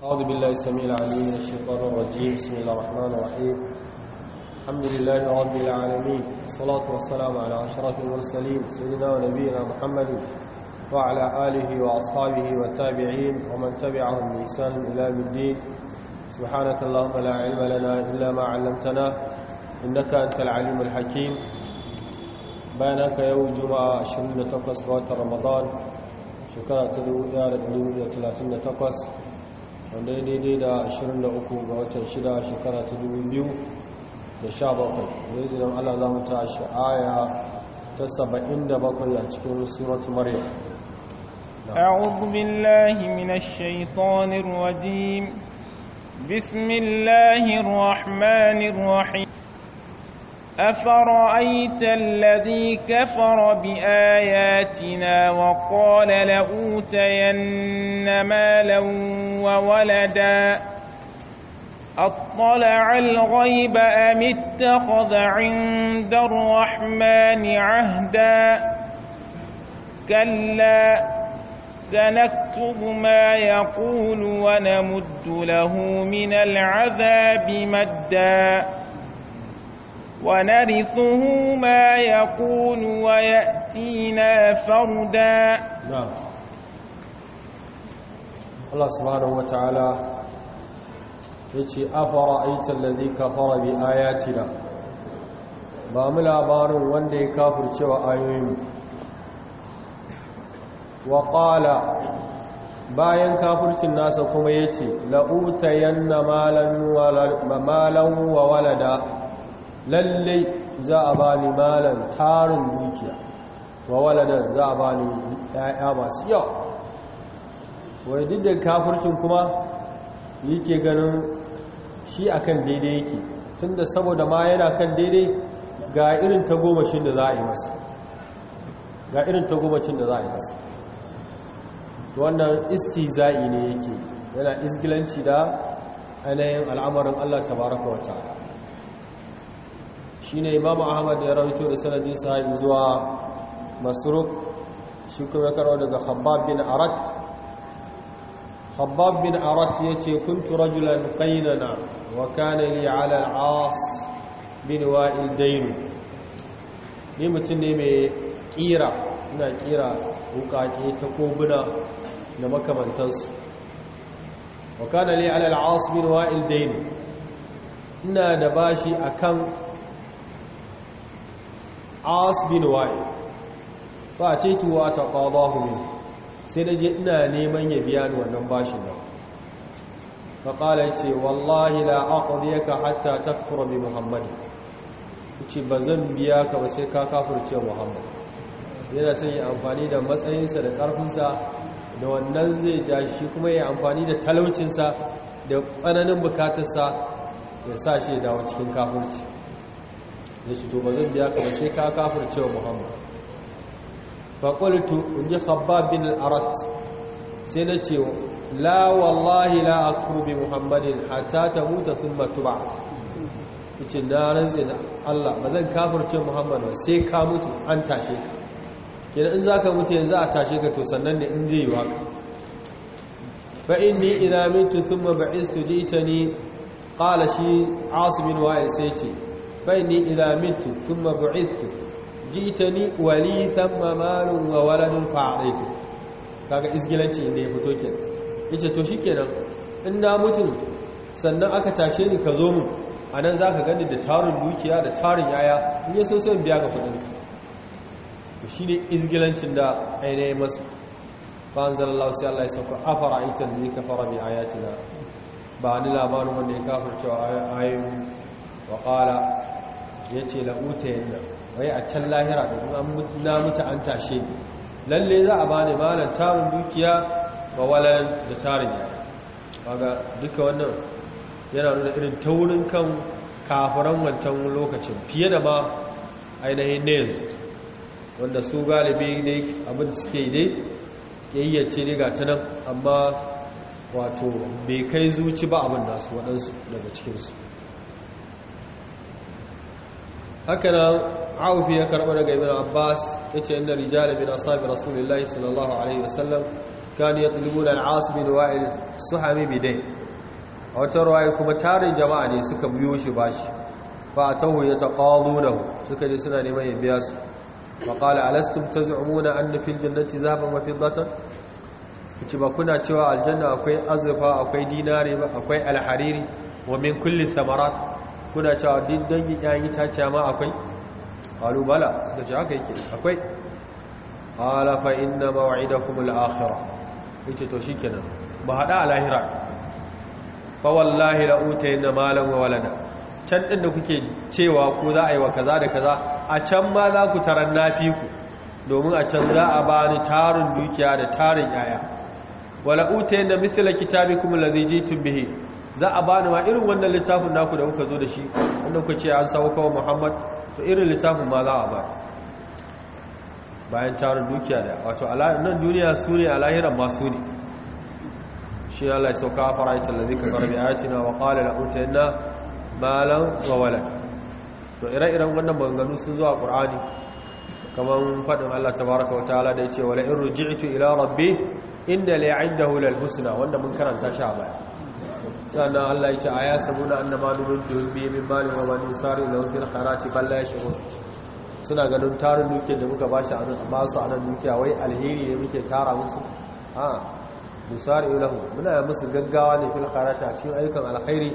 أعوذ بالله السميع العليم من الشيطان الرجيم بسم الله الرحمن الرحيم الحمد لله رب العالمين والصلاة والسلام على أشرف المرسلين سيدنا ونبينا محمد وعلى آله وأصحابه والتابعين ومن تبعهم بإحسان إلى يوم الدين سبحانك اللهم لا علم لنا إلا ما علمتنا إنك أنت العليم الحكيم بينك يوم الجمعة 28 رمضان شكرا تدعو دار 38 wanda ya daidai da 23 ga watan 6 shekara ta 2017 zai zinan allah za mu ta sha'aya ta 77 a cikin suratu maryam أعوذ بالله من الشيطان الرجيم بسم الله الرحمن الرحيم أفرأيت الذي كفر بآياتنا وقال لأوتين مالا وولدا أطلع الغيب أم اتخذ عند الرحمن عهدا كلا سنكتب ما يقول ونمد له من العذاب مدا ونرثه ما يقول ويأتينا فردا نعم Allah subhanahu wa ta'ala ya ce afara aitan lalzi kafara bi ayatina ba mu labarin wanda ya wa ayoyin wa ƙala bayan kafurcin nasa kuma ya ce la'utayen na malan wa walada lalle za a ba ni malan tarin dukiya wa waladan za a ba ni 'ya'ya masu yau. wai duk da kafircin kuma yake ganin shi akan daidai yake tunda saboda ma yana kan daidai ga irin tagomashin da za a yi masa ga irin tagomashin da za a yi masa wannan istiza'i ne yake yana isgilanci da ainihin al'amarin Allah tabaraka wata shi shine imamu ahmad ya rawaito da sanadin sahibi zuwa masruk shi kuma karo daga khabbab bin arat خباب bin arat yace كنت رجلا قيننا وكان لي على العاص al وائل دين wa'il dayn ni mutum ne mai kira ina kira hukake ta kobuna da makamantansu wa kana li ala al-aas bin wa'il dayn ina da bashi akan as bin wa'il fa wa taqadahu sai na je ina neman ya biya ni wannan bashin ba kala ce wallahi la ka hatta takfura bi muhammad yace ba zan biya ka ba sai ka kafirce muhammad yana son ya amfani da matsayinsa da ƙarfinsa da wannan zai da shi kuma ya amfani da talaucinsa da tsananin bukatarsa ya sa shi ya dawo cikin kafirci ya ce to ba zan biya ka ba sai ka kafirce muhammad faƙultu in ji khabbabin al'arat sai na ce la wallahi la akfuru bi muhammadin hatta ta muta sun matu ba ce na rantse da allah ba zan kafirce muhammad ba sai ka mutu an tashe ka kenan in za ka mutu yanzu a tashe ka to sannan ne in zai yi waka فإني إذا مت ثم بعثت جئتني قال شي عاصم وائل سيتي ina إذا sun ثم بعثت jitani wali thamma malun wa waladun fa'aitu kaga isgilanci inda ya fito ke yace to shikenan in na mutum sannan aka tashe ni ka zo mu anan zaka gani da tarin dukiya da tarin yaya in ya so sai biya ka kudin to shine isgilancin da ya masa fa anzalallahu sai Allah ya saka afara ne ka kafara bi ayatina ba ni labarin wanda ya cewa ayoyin wa qala yace la utayna wai a can lahira kuma na mutu an tashe lalle za a bani malar tarin dukiya ba walar da tarin yaya kaga duka wannan yana nuna irin taurin kan kafiran wancan lokacin fiye da ma ainihin ne yanzu wanda su galibi ne abin suke dai kayyace ne ga ta nan amma wato bai kai zuci ba abin nasu waɗansu daga cikinsu haka nan aufi ya karɓa daga ibn abbas ya ce inda rijali min asabi rasulullahi sallallahu alaihi wasallam kan ya tulubu da al'as bin wa'il su hami bidai a wata ruwa kuma tarin jama'a ne suka biyo shi bashi ba a tahu ya taƙalu na suka je suna neman ya biya su ba ƙala alastum ta zu'umuna an nufin jannati zaɓin mafi zatan kuci ba kuna cewa aljanna akwai azurfa akwai dinare ba akwai alhariri wa min kulli samarat kuna cewa duk dangin yayin itace ma akwai qalu bala ce haka yake akwai qala fa inna maw'idakum al-akhirah yace to shikenan a lahira fa wallahi la can din da kuke cewa ko za a yi wa kaza da kaza a can ma za ku taran nafi ku domin a can za a bani tarin dukiya da tarin yaya wala utayna mithla kitabikum alladhi tun bihi za a bani ma irin wannan littafin naku da kuka zo da shi wanda kuka ce an sauka wa Muhammad to irin littafin ma za a ba bayan tarin dukiya da wato nan duniya su ne a lahiran ma ne shi Allah ya sauka a fara'aitar da zai zarbi a yacina wa ƙwale na ƙunta yana malan to ire-iren wannan maganganu sun zo a ƙur'ani kamar faɗin Allah ta baraka wata ala da ya ce wala in ruji'tu ila rabbi inda da lal husna wanda mun karanta shi a baya sannan Allah ya ce a ya samu na annama nubin domin biye min malin wa wani sari na wufin harati balla ya shigo suna ganin tarin dukiyar da muka bashi a ba su a nan dukiya wai alheri ne muke tara musu a musari ilahu muna yi musu gaggawa ne fil harati a cikin ayyukan alheri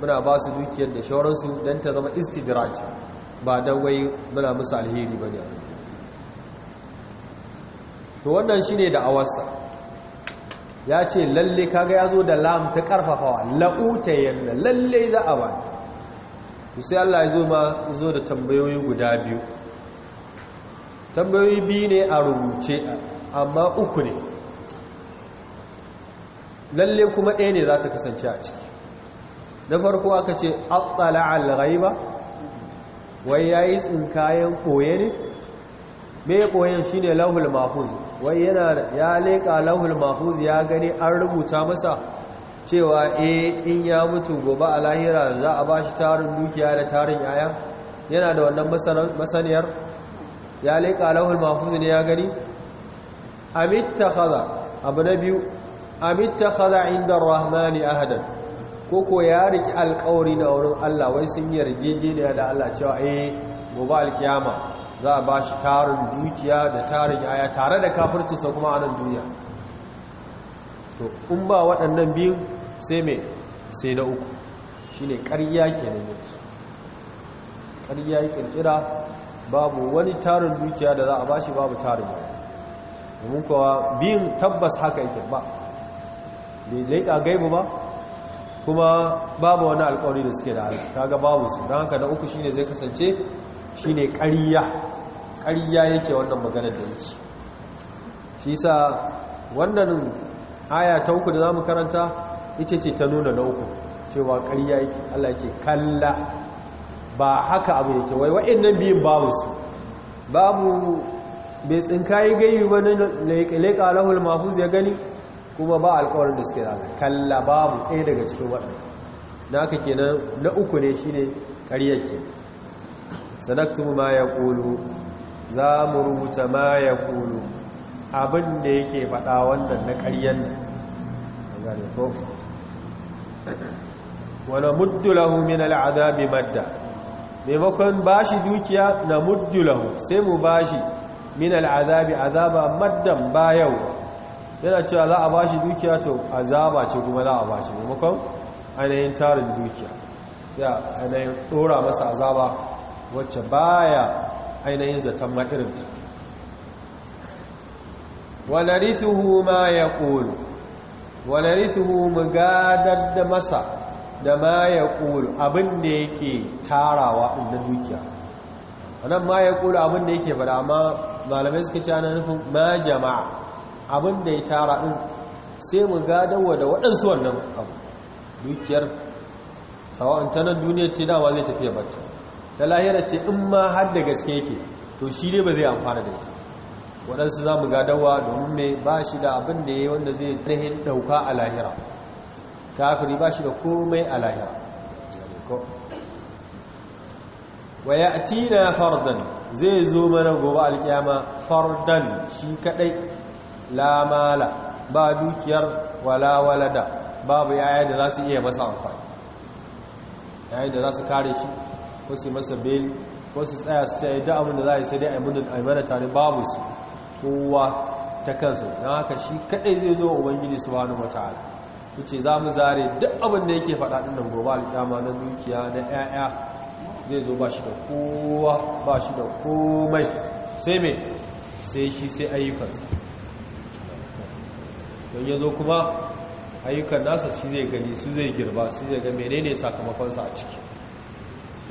muna ba su dukiyar da shawararsu don ta zama istidiraj ba don wai muna musu alheri ba ne to wannan shine da awarsa ya ce lalle kaga ya zo da lam ta karfafawa la'uta yanna lalle za a ba ku sai Allah ya zo ma zo da tambayoyi guda biyu tambayoyi biyu ne a rubuce amma uku ne lalle kuma ɗaya ne za ta kasance a ciki na farko aka ce atsala al-ghaiba wai yayi tsinkayen koye ne me koyen shine lahul mahfuz wai yana ya leƙa lahul mahuz ya gani an rubuta masa cewa eh in ya mutu gobe a lahira za a ba shi tarin dukiya da tarin yaya yana da wannan masaniyar ya leƙa lahul mahuz ne ya gani amitta kaza abu na biyu amitta kaza inda rahmani ahadan koko ya riki alƙawari na wurin allah wai sun yarjejeniya da allah cewa eh gobe alkiyama za a ba shi tarin dukiya da tarin yaya tare da kafircinsa kuma a nan duniya to in ba waɗannan biyu sai mai sai na uku shi ne ƙarya ke nan yanzu ƙarya ƙirƙira babu wani tarin dukiya da za a ba shi babu tarin yaya domin kowa biyun tabbas haka yake ba bai laika gaibu ba kuma babu wani alkawari da suke da ta ga babu su don haka na uku shine zai kasance shine ƙariya ƙarya yake wannan maganar da yake shi sa wannan aya ta uku da za mu karanta ita ce ta nuna na cewa ƙarya yake Allah yake kalla ba haka abu yake wai waɗannan biyun babu su babu bai tsinkayi gaibi ba leƙa lahul mafuz ya gani kuma ba alƙawarin da suke zaka kalla babu ɗaya daga cikin waɗanda na haka kenan na uku ne shine ƙaryar ke sanaktumu ma ya ƙulu za mu rubuta ma ya kulu abin da yake faɗa wannan na ƙaryen nan wani muddulahu min al'adabi madda maimakon bashi dukiya na muddulahu sai mu bashi min al'adabi azaba maddan ba yau yana cewa za a bashi dukiya to azaba ce kuma za a bashi maimakon ainihin tarin dukiya ya ainihin ɗora masa azaba wacce baya ainihin zaton ma'irinta wanarithuhu ma ya ƙulu hu mu gadar da masa da ma ya ƙulu abinda yake tarawa inda dukiya wannan ma ya ƙulu abinda yake fada amma malamai suka ci ana nufin ma jama'a abinda ya tara ɗin sai mu gadarwa da waɗansu wannan abu dukiyar sawa'an ta nan duniya ce dama zai tafiya bata ta lahira ce in ma har da gaske yake to shi ne ba zai amfana da ita waɗansu za mu gadawa domin mai ba shi da abin da ya wanda zai rahin ɗauka a lahira kafiri ba shi da komai a lahira ya ci na fardan zai zo mana gobe alkyama fardan shi kaɗai lamala ba dukiyar walawalada babu yaya da za su iya masa amfani yayin da za su kare shi ko su masa beli ko su tsaya su ce da abin da za a yi sai dai a yi mana tare babu su kowa ta kansa don haka shi kadai zai zo ubangiji su wani su ce za mu zare duk abin da yake faɗa ɗin nan gobe alƙyama na dukiya na 'ya'ya zai zo ba shi da kowa ba shi da komai sai mai sai shi sai ayyukansa don ya zo kuma ayyukan nasa shi zai gani su zai girba su zai ga menene sakamakonsa a ciki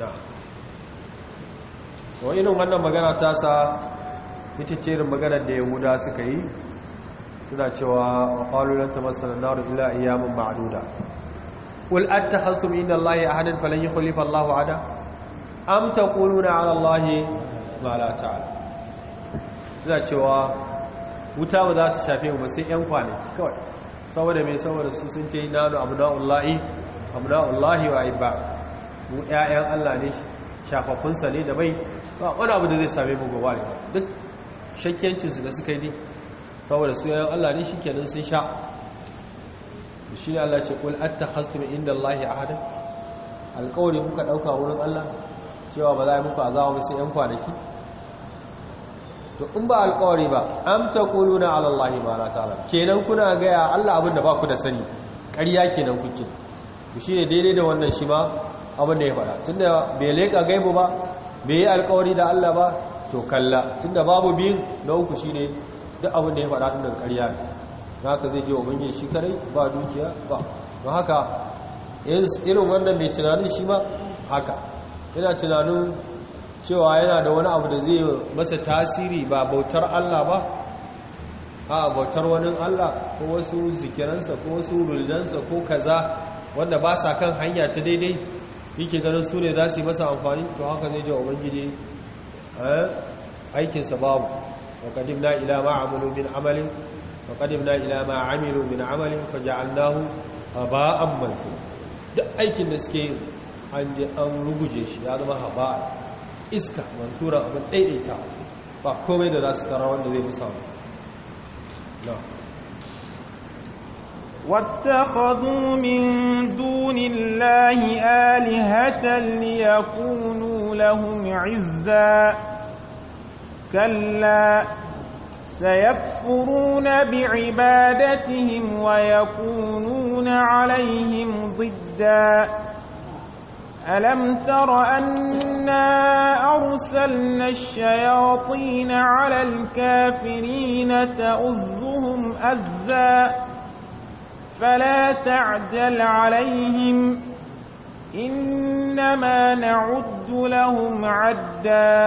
wa irin wannan magana ta sa ita ce irin maganar da yahuda suka yi suna cewa wa qalu ta tamassana nar illa ayyamin ma'duda qul attakhaztum inda allahi ahadan falan yukhlifa allahu ada am taquluna ala allahi ma la ta'ala suna cewa wuta ba za ta shafe mu ba sai yan kwanaki kawai saboda mai saboda su sun ce na da nanu abna'ullahi abna'ullahi wa ibad mu ƴaƴan Allah ne shafafunsa ne da bai ba wani abu da zai same mu gaba ne duk su da suka yi ne saboda su ƴaƴan Allah ne shi kenan sun sha shi ne Allah ce kul attakhastum inda Allah ahadin. alƙawari kuka ɗauka wurin Allah cewa ba za a yi muku azaba ba sai ƴan kwanaki to in ba alƙawari ba am taquluna ala Allah ma la ta'lam kenan kuna gaya Allah abin da ba ku da sani ƙarya kenan kuke shi ne daidai da wannan shi ba abin da ya fara tunda bai leƙa gaibu ba bai yi alkawari da Allah ba to kalla tunda babu biyun na uku shi ne duk abin da ya fara tun daga ƙarya ne haka zai je wa shi kadai ba dukiya ba ba haka irin wannan mai tunanin shi ma haka yana tunanin cewa yana da wani abu da zai masa tasiri ba bautar Allah ba a bautar wani Allah ko wasu zikiransa ko wasu rulidansa ko kaza wanda ba sa kan hanya ta daidai yake ganin su ne za su yi masa amfani to haka ne jawa ubangiji eh, aikinsa babu wa kadim na ila ma'amalu bin amalin wa kadim na ila ma'amilu bin amalin fa ja'alnahu haba'an mansura duk aikin da suke an je an ruguje shi ya zama haba'a iska mansura abin daidaita ba komai da za su tara wanda zai musamman واتخذوا من دون الله آلهة ليكونوا لهم عزا كلا سيكفرون بعبادتهم ويكونون عليهم ضدا ألم تر أنا أرسلنا الشياطين على الكافرين تؤزهم أذى فلا تعجل عليهم إنما نعد لهم عدا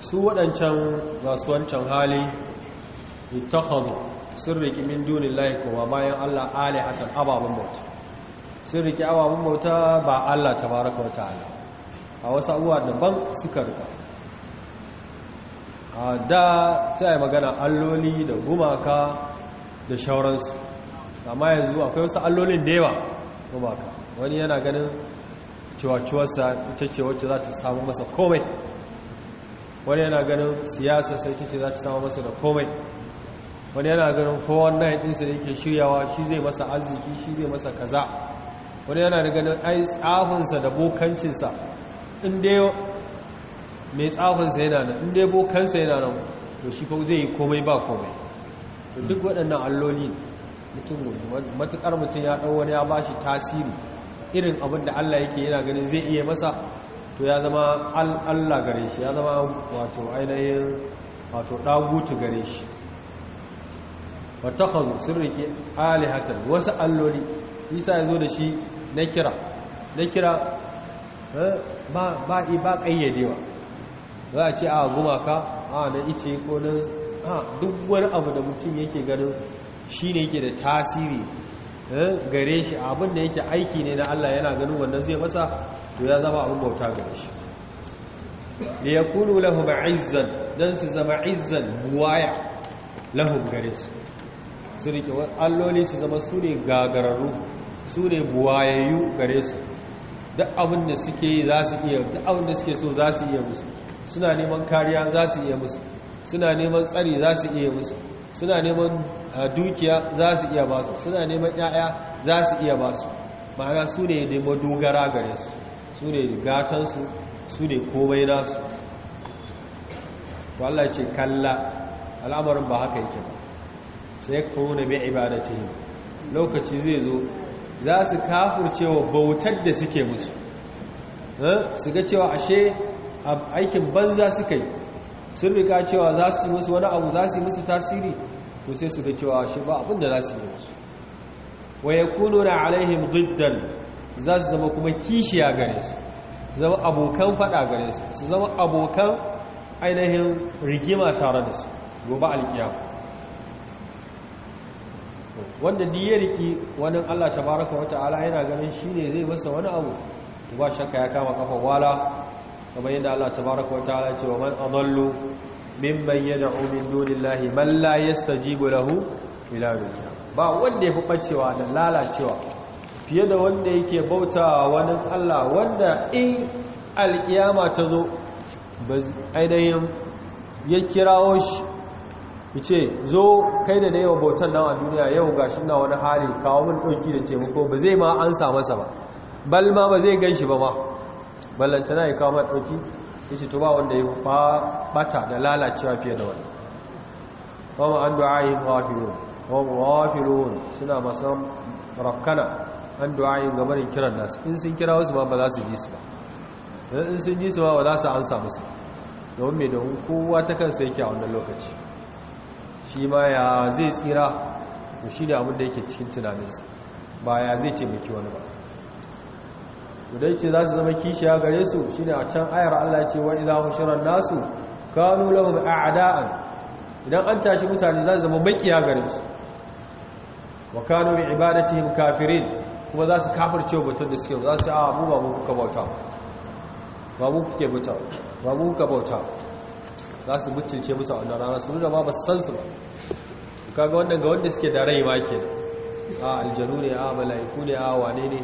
su waɗancan masu wancan hali ittakhadhu sun riki min dunillahi kuma bayan Allah alihatan ababen bauta sun riki ababen bauta ba Allah tabaraka wa ta'ala a wasu abubuwa ban suka rika a da sai magana alloli da gumaka da shauransu amma yanzu akwai wasu allolin da yawa ko ba ka wani yana ganin ciwaciwarsa ita ce wacce za ta samu masa komai wani yana ganin siyasa sai ita ce za ta samu masa da komai wani yana ganin 419 ɗinsa da yake shiryawa shi zai masa arziki shi zai masa kaza wani yana da ganin ai tsafinsa da bokancinsa inda mai tsafinsa yana nan inda bokansa yana nan to shi fa zai yi komai ba komai to duk waɗannan alloli mutum matukar mutum ya ɗau wani ya ba shi tasiri irin abin da Allah yake yana ganin zai iya masa to ya zama Allah gare shi ya zama wato ainihin wato ɗagutu gare shi wata sun rike alihatar wasu alloli isa ya zo da shi na kira na kira eh, ba ƙayyadewa za a ce a gumaka a na ice ko na duk wani abu da mutum yake ganin shi ne yake da tasiri eh, gare shi abin da yake aiki ne na Allah yana ganin wannan zai masa to ya zama abin bauta gare shi da ya kulu lahu izzan don su zama izzan buwaya lahu gare su su rike alloli su zama su ne gagararru su ne buwayayyu gare su duk abin da suke za su iya duk abin da suke so za su iya musu suna neman kariya za su iya musu suna neman tsari za su iya musu suna neman ah, dukiya za su iya ba su suna neman ƴaƴa za su iya ba su ma'ana su ne da madogara gare su su ne gatansu su ne komai nasu wallah ce kalla al'amarin ba haka yake ba sai ya kawo na bai ibadata lokaci zai zo za su kafurcewa bautar da suke musu eh, su ga cewa ashe aikin banza suka yi sun riga cewa za su yi musu wani abu za su yi musu tasiri to sai su ga cewa shi ba abin za su yi musu wa ya kuno na alaihim giddan za su zama kuma kishiya gare su zama abokan fada gare su su zama abokan ainihin rigima tare da su gobe alkiyar wanda di ya riki wani allah tabaraka wata'ala yana ganin shi ne zai masa wani abu ba shakka ya kama kafa wala kamar yadda Allah tabaraka wa ta'ala ce wa man adallu mimman yad'u min dunillahi man la yastajibu lahu ila yawm ba wanda ya fi bacewa da lalacewa fiye da wanda yake bauta wani Allah wanda in alkiyama ta zo ainihin ya kirawo shi ya ce zo kai da na wa bautan nan a duniya yau ga shi na wani hali kawo min ɗauki da taimako ba zai ma an sa masa ba balma ba zai gan shi ba ma ballantana ya kawo maɗauki ya ce to ba wanda ya bata da lalacewa fiye da wani kuma an du'ayin ghafirun ghafirun suna masan rafkana an du'ayin ga barin kiran nasu in sun kira wasu ma ba za su ji su ba in sun ji su ma ba za su amsa musu domin mai da kowa ta kansa yake a wannan lokaci shi ma ya zai tsira to shi ne abin da yake cikin tunaninsa ba ya zai taimaki wani ba to dai ce za su zama kishiya gare su shi ne a can ayar Allah ce wa ila hushirar nasu kanu lahum a'da'an idan an tashi mutane za su zama makiya gare su wa kanu bi ibadatihim kafirin kuma za su kafirce batun da suke za su a mu ba mu kuka bauta ba mu kuke bauta ba mu kuka bauta za su mutunce musu a wannan rana su nuna ma ba su san su ba kaga wannan ga wanda suke da rai ma ke a aljanu ne a mala'iku ne a wane ne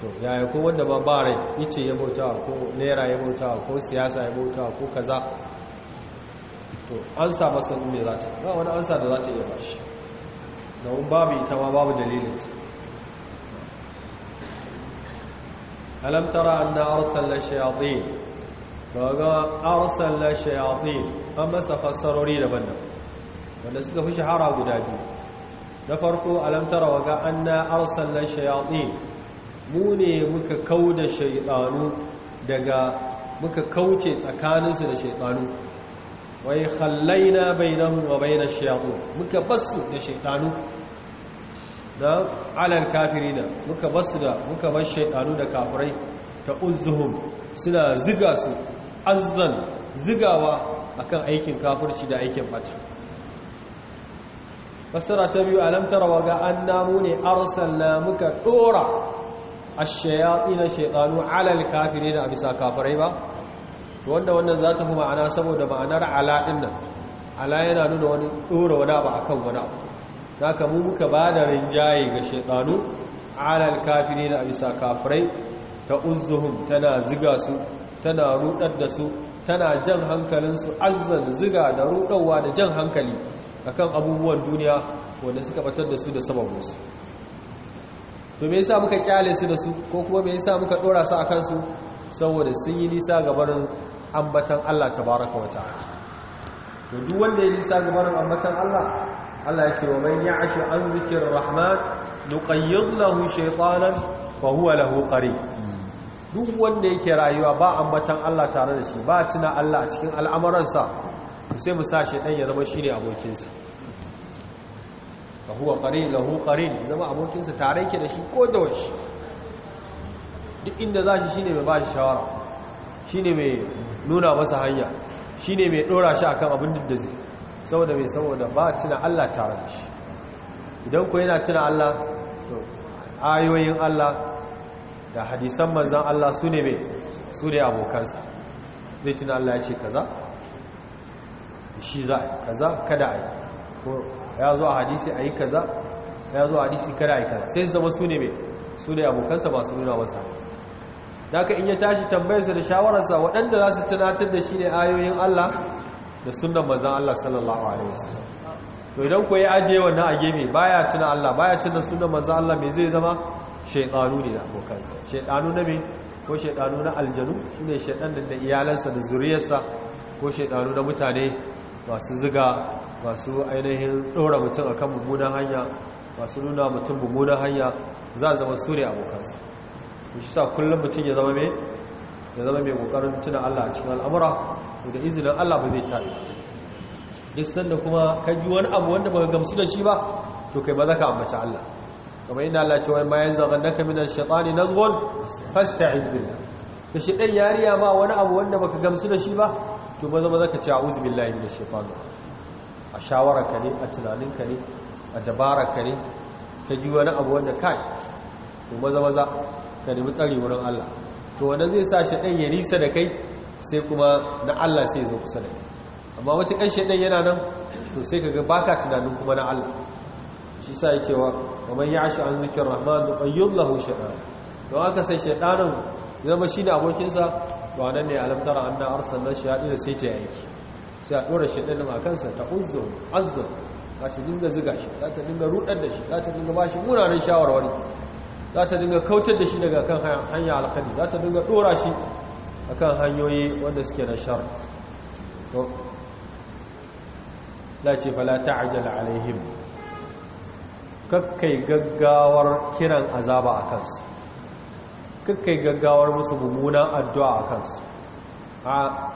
to yaya ko wanda ba ba rai ice ya bauta ko naira ya bauta ko siyasa ya bauta ko kaza to an sa masa me za ta ba wani ansa da za ta iya bashi zaun babu ita ma babu dalilin ta alam tara anna arsalna shayatin kaga arsalna shayatin an masa fassarori daban-daban wanda suka fi shahara guda biyu na farko alam tara waga anna arsalna shayatin mu ne muka kau da shaidanu daga muka kauce tsakaninsu da shaidanu wai hallaina bainahu wa na shayaku muka basu da shaidanu da alal kafirina muka basu da muka bar shaidanu da kafirai ta uzuhun suna ziga su azzan zigawa akan aikin kafirci da aikin bata. Fasara ta biyu alam tarawa ga annamu ne arsalna muka ɗora. ash na shaiɗanu alal al-kafirin a bisa kafirai ba to wanda wannan za ta fi ma'ana saboda ma'anar ala din nan ala yana nuna wani dora wani abu akan wani abu zaka mu muka ba da rinjaye ga shaiɗanu ala al-kafirin a bisa kafirai ta uzuhun tana ziga su tana rudar da su tana jan hankalinsu azzan ziga da rudarwa da jan hankali akan abubuwan duniya wanda suka batar da su da sababinsu to me yasa muka kyale su da su ko kuma me yasa muka dora su akan su saboda sun yi nisa ga barin ambatan Allah ta wa ta'ala to duk wanda ya yi nisa ga barin ambatan Allah Allah yake wa man ya'ashu an zikir rahmat nuqayyid lahu shaytanan fa huwa lahu qarin duk wanda yake rayuwa ba ambatan Allah tare da shi ba tuna Allah a cikin al'amuransa sai mu sa dan ya zama shine abokinsa huwa qarin lahu qarin zama abokin sa tare yake da shi ko da washi duk inda zashi shine mai ba shi shawara shine mai nuna masa hanya shine mai dora shi akan abin da zai saboda mai saboda ba tuna Allah tare da shi idan ko yana tuna Allah to ayoyin Allah da hadisan manzan Allah su ne mai su ne abokansa zai tuna Allah ya ce kaza shi za a yi kaza kada a yi ya zo a hadisi a yi kaza ya zo a hadisi kada a yi kaza sai zama su ne mai su ne abokansa ba su nuna masa da aka in ya tashi tambayarsa da shawararsa waɗanda za su tunatar da shi ne ayoyin Allah da sunan mazan Allah sallallahu alaihi wasu to idan ko ya ajiye wannan a gefe ya tuna Allah ba ya tuna sunan mazan Allah me zai zama shaidanu ne da abokansa shaidanu na mai ko shaidanu na aljanu su ne shaidan da iyalansa da zuriyarsa ko shaidanu na mutane masu ziga masu ainihin ɗora mutum a kan mummunan hanya masu nuna mutum mummunan hanya za a zama su ne abokansa shi sa kullum mutum ya zama mai ya zama mai kokarin tuna Allah a cikin al'amura da izinin Allah ba zai tare duk sanda kuma ka ji wani abu wanda ba gamsu da shi ba to kai ba za ka ambaci Allah kamar yana Allah cewa ma yanzu zagan naka minan shaitani nazgon fasta'id billah ka shi dan yariya ba wani abu wanda baka gamsu da shi ba to maza maza ka ce a'udhu billahi minash shaitani a shawararka ne a tunaninka ne a dabararka ne ka ji wani abu wanda kai to maza maza ka nemi tsari wurin Allah to wanda zai sa shaɗan ya nisa da kai sai kuma na Allah sai zo kusa da kai amma ƙan shaɗan yana nan to sai ka ga baka tunanin kuma na Allah shi sa yake wa kamar ya shi an zikin rahman da ƙayyun lahu shaɗan don aka sai shaɗanin zama shi da abokinsa to nan ne alamtara an na arsan na shaɗi da sai ta yi aiki sai a ɗora shi ɗanin a sa ta uzzo azzo za ta dinga ziga shi za ta dinga rudar da shi za ta dinga ba shi munanan shawarwari za ta dinga kautar da shi daga kan hanya alkhali za ta dinga ɗora shi a kan hanyoyi wanda suke na shar la ce fala ta'ajjal alaihim kakkai gaggawar kiran azaba a kansu kakkai gaggawar musu mummunan addu'a a kansu a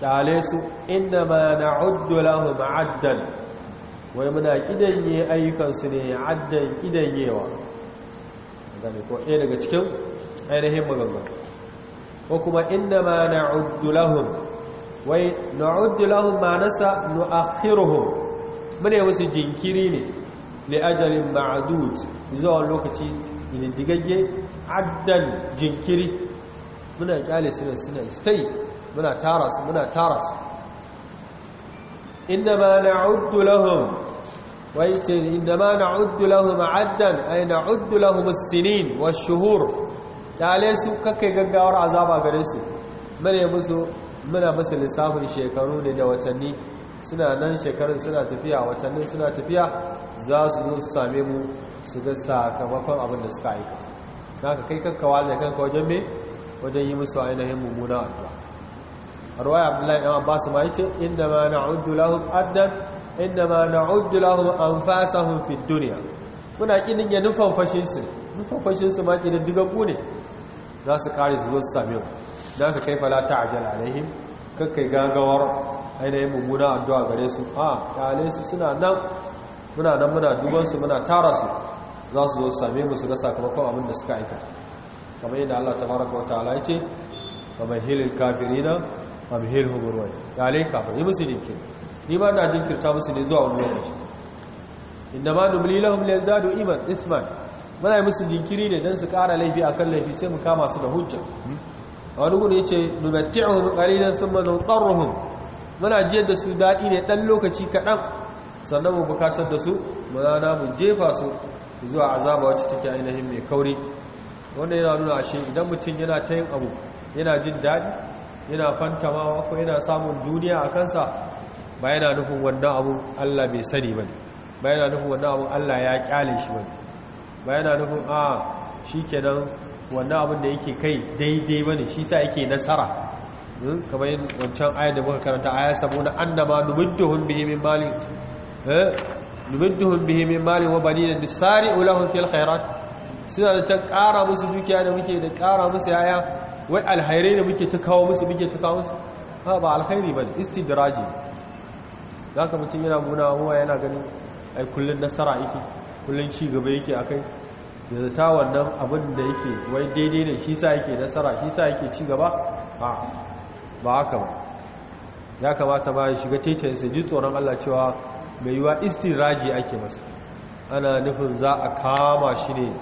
kyale su inda ma na lahum ma'addan wai muna gidanye ayyukansu ne addan kidanyewa gane ko ɗaya daga cikin ainihin maganganu ko kuma inda ma na lahum wai na lahum ma nasa nu'akhiruhum mune wasu jinkiri ne li ajalin ma'adud zuwa lokaci digagge addan jinkiri muna kyale suna suna stay muna tara su muna tara su innama na'uddu lahum wai ce innama na'uddu lahum addan ay na'uddu lahum sinin wash-shuhur dale su kakai gaggawar azaba gare su mune musu muna musu lissafin shekaru ne da watanni suna nan shekarun suna tafiya watanni suna tafiya za su zo su same mu su ga sakamakon abin da suka aikata za ka kai kakkawa da kanka wajen me wajen yi musu ainihin mummuna addu'a ruwaya abdullahi ɗan abbas ma ce inda ma na'uddu lahum addan inda ma na'uddu lahum anfasahum fid dunya muna kidin ya nufan fashin su nufan fashin su ma ƙinin diga ku ne za su kare su zo su sami mu dan ka kai fala ta'jal alaihim kakkai gagawar ainihin mummuna addu'a gare su a ƙale su suna nan muna nan muna duban su muna tara su za su zo sami mu su ga sakamakon abin da suka aikata kamar yadda Allah ta tabaraka wa ta'ala ce, kamar hilil kafirina abhil hugurwai galai kafin yi musu jinkiri ni ma na jinkirta musu ne zuwa wani lokaci inda ma nubli lahum liyazdadu iman isman muna yi musu jinkiri ne don su kara laifi akan laifi sai mu kama su da hujja a wani gudu yace numatti'uhum qalilan thumma nuqarruhum muna je da su daɗi ne ɗan lokaci kaɗan sannan mu bukatar da su mana mu jefa su zuwa azaba wacce take ainihin mai kauri wanda yana nuna shi idan mutum yana ta yin abu yana jin daɗi yana fantamawa ko yana samun duniya a kansa ba yana nufin wannan abu Allah bai sani ba ne ba yana nufin wannan abu Allah ya kyale shi ba ne ba yana nufin a shi kenan wannan abu da yake kai daidai ba ne shi sa yake nasara hmm, kamar yin wancan ayar da muka karanta aya saboda annama numidduhum bihi min mali eh, numidduhum bihi mali wa da bisari'u ulahun fil khairat suna da can kara musu dukiya da muke da kara musu yaya wai alhairai da muke ta kawo musu muke ta kawo musu ha ba alhairi ba istidraji za ka mutum yana guna huwa yana ganin ai kullum nasara yake kullum ci gaba yake akai da ta wannan abin da yake wai daidai ne shi sa yake nasara shi sa yake ci gaba ba ba haka ba ya kamata ba ya shiga taitayensa ji tsoron Allah cewa mai yiwa istiraji ake masa ana nufin za a kama shi ne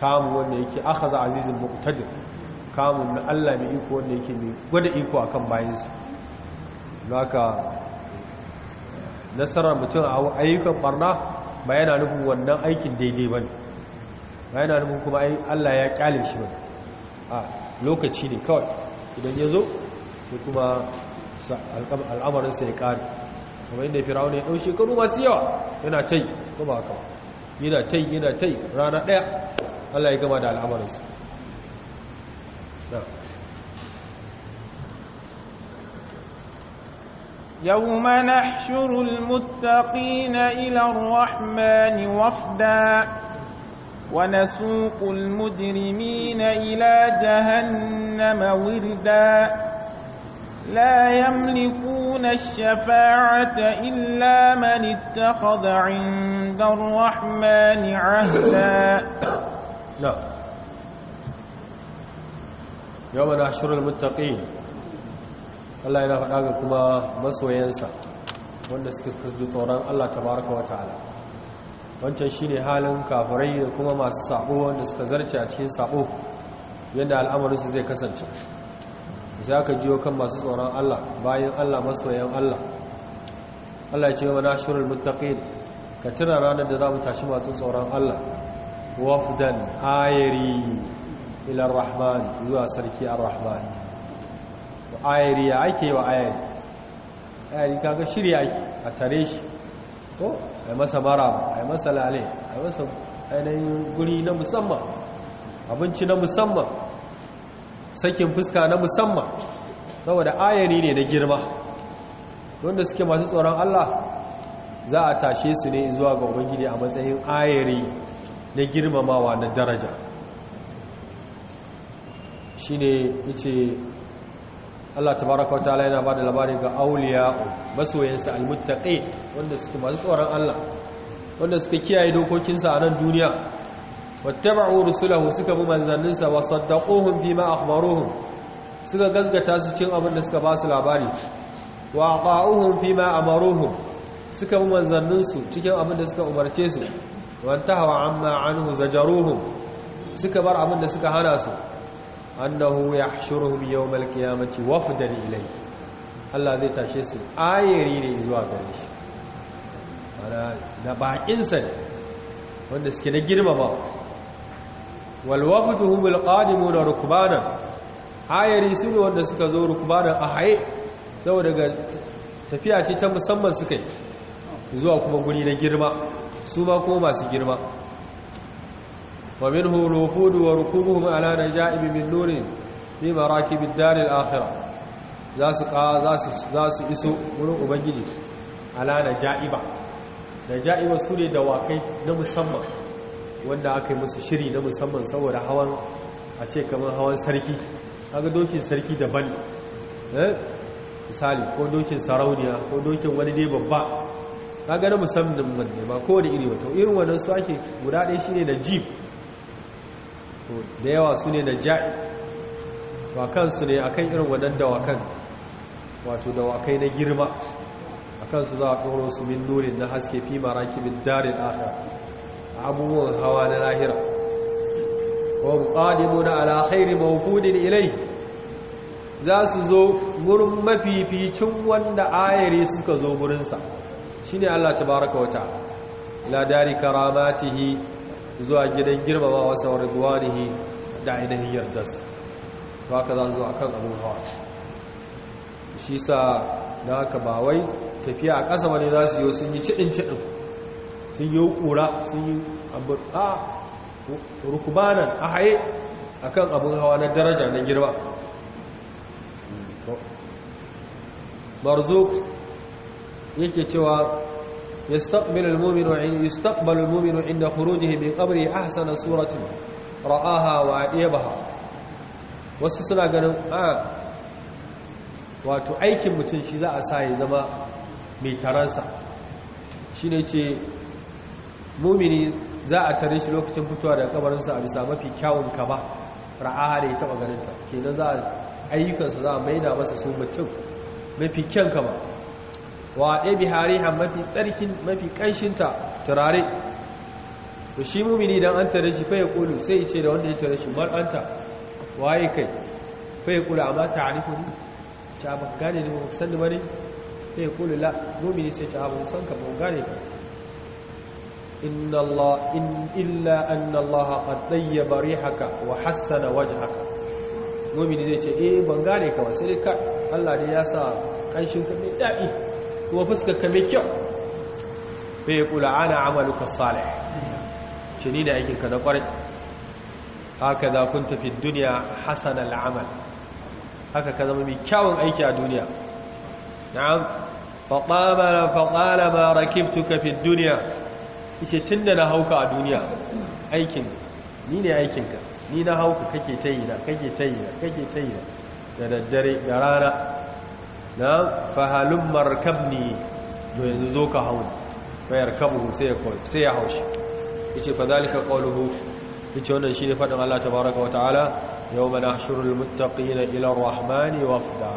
kamun wanda yake aka za azizin mutadda kamun na Allah mai iko wanda yake mai gwada iko akan bayansa haka nasarar mutum a ayyukan barna ba yana nufin wannan aikin daidai ba ne ba yana nufin kuma Allah ya kyale shi ba a lokaci ne kawai idan ya zo sai kuma sa ya kare kamar inda firawo ya ɗau shekaru masu yawa yana tai kuma haka yana tai yana tai rana ɗaya Allah ya gama da al'amarin sa. نعم. يوم نحشر المتقين إلى الرحمن وفدا ونسوق المجرمين إلى جهنم وردا لا يملكون الشفاعة إلا من اتخذ عند الرحمن عهدا نعم. yau mana ashirin mutaƙi Allah yana faɗa ga kuma masoyansa wanda suka kasdu tsoron Allah ta baraka wa ta'ala wancan shi ne halin kafirai da kuma masu sabo wanda suka zarce a cikin sabo yadda al'amarinsu zai kasance za ka jiyo kan masu tsoron Allah bayan Allah masoyan Allah Allah ce wa nashirul mutaƙi ka tuna ranar da za mu tashi masu tsoron Allah wafdan ayari ilar rahmani zuwa sarki ar rahmani ayari ya ake wa ayari ayari kaga shirya ake a tare shi to a masa mara a masa lale a masa ainihin guri na musamman abinci na musamman sakin fuska na musamman saboda ayari ne na girma wanda suke masu tsoron Allah za a tashe su ne zuwa ga ubangiji a matsayin ayari na girmamawa na daraja shine ce Allah tabaraka wa ta'ala yana da labari ga auliya masoyansa almuttaqi wanda suke masu tsoron Allah wanda suka kiyaye dokokinsa a nan duniya wattaba'u rusulahu suka bi manzanninsa wa saddaquhum bima akhbaruhum suka gazgata su cin abin da suka ba su labari wa ata'uhum bima amaruhum suka bi manzanninsu cikin abin da suka umarce su wa hawa amma anhu zajaruhum suka bar abin da suka hana su annahu yahshuruhum yawmal qiyamati wafdan ilayhi Allah zai tashe su ayeri ne zuwa gare shi da baƙinsa ne wanda suke na girmama walwafatuhum alqadimuna rukbanan ayari su ne wanda suka zo rukbanan a haye saboda ga tafiya ce ta musamman suka yi zuwa kuma guri na girma su ma kuma masu girma ومنه الوفود وركوبهم على نجائب من نور في مراكب الدار الآخرة za su iso wurin ubangiji ala na ja'iba da ja'iba su ne dawakai na musamman wanda aka yi musu shiri na musamman saboda hawan a ce kamar hawan sarki kaga dokin sarki daban misali ko dokin sarauniya ko dokin wani dai babba kaga na musamman ne ba kowane iri wato irin wannan su ake guda ɗaya shine da jeep da yawa su ne na ja'i wakansu ne a kan irin waɗanda dawakan wato dawakai na girma a kansu za a ɗoro su min nurin na haske fi maraki min darin aka a abubuwan hawa na lahira wa muƙadimu na alakhairi mafudin ilai za su zo wurin mafificin wanda ayyari suka zo wurinsa shi ne allah ta baraka wata ladari karamatihi zuwa gidan girmamawa sa wa ridwanihi da ainihin yardarsa ba ka za zuwa kan abin hawa shi sa da haka ba wai tafiya a ƙasa wani za su yi sun yi cidin cidin sun yi ƙura sun yi abin a rukubanan a haye a kan abin hawa na daraja na girma marzuk yake cewa يستقبل المؤمن يستقبل المؤمن عند خروجه من قبره أحسن سورة رآها وعيبها wasu suna ganin a wato aikin mutum shi za a sa ya zama mai taransa shi ne ce mumini za a tare shi lokacin fitowa daga kabarinsa a bisa mafi kyawun ba ra'aha da ya taba ganinta kenan za a ayyukansa za a maida masa su mutum mafi kyan ba. wa ɗabi hariha mafi tsarkin mafi ƙanshinta turare to shi mumini don an tare shi fa ya ƙulu sai ce da wanda ya tare shi mar'anta waye kai fa ya ƙulu amma ta harifu ne ta ba gane ne ba san da bane fa ya ƙulu la mumini sai ta abu san ka ba gane ka illa an in illa anna allah qad tayyaba rihaka wa hassana wajhaka mumini zai ce eh ban gane ka ba sai dai ka Allah ne ya sa ƙanshin ka mai daɗi kuma fuskar ka mai kyau bai kula ana amaluka salih shi ni da aikinka na kwarai haka za kun tafi duniya hasan al'amal haka ka zama mai kyawun aiki a duniya na'am faɗaɓara faɗaɓara ma rakibtuka fi duniya ishe tun da na hauka a duniya aikin ni ne aikinka ni na hauka kake ta yi na kake ta yi na kake ta yi na da daddare da rana na fahalun markabni ne yanzu zo ka hau bayar kabu sai ya haushi ya ce fadalika ƙauluhu ya ce wannan shi ne faɗin Allah ta baraka wa ta'ala yau mana shirin mutaƙi na ilar rahmani wafda